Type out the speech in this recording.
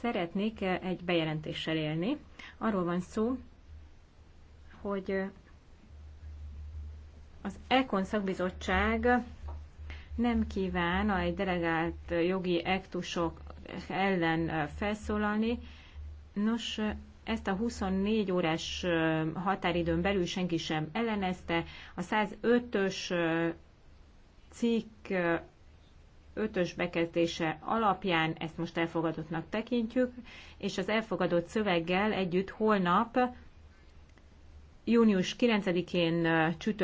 Szeretnék eh, egy bejelentéssel élni. Arról van szó, hogy az Ekon szakbizottság nem kíván egy delegált jogi ektusok ellen eh, felszólalni. Nos, eh, ezt a 24 órás határidőn belül senki sem ellenezte. A 105-ös cikk ötös bekezdése alapján ezt most elfogadottnak tekintjük, és az elfogadott szöveggel együtt holnap június 9-én csütörtökön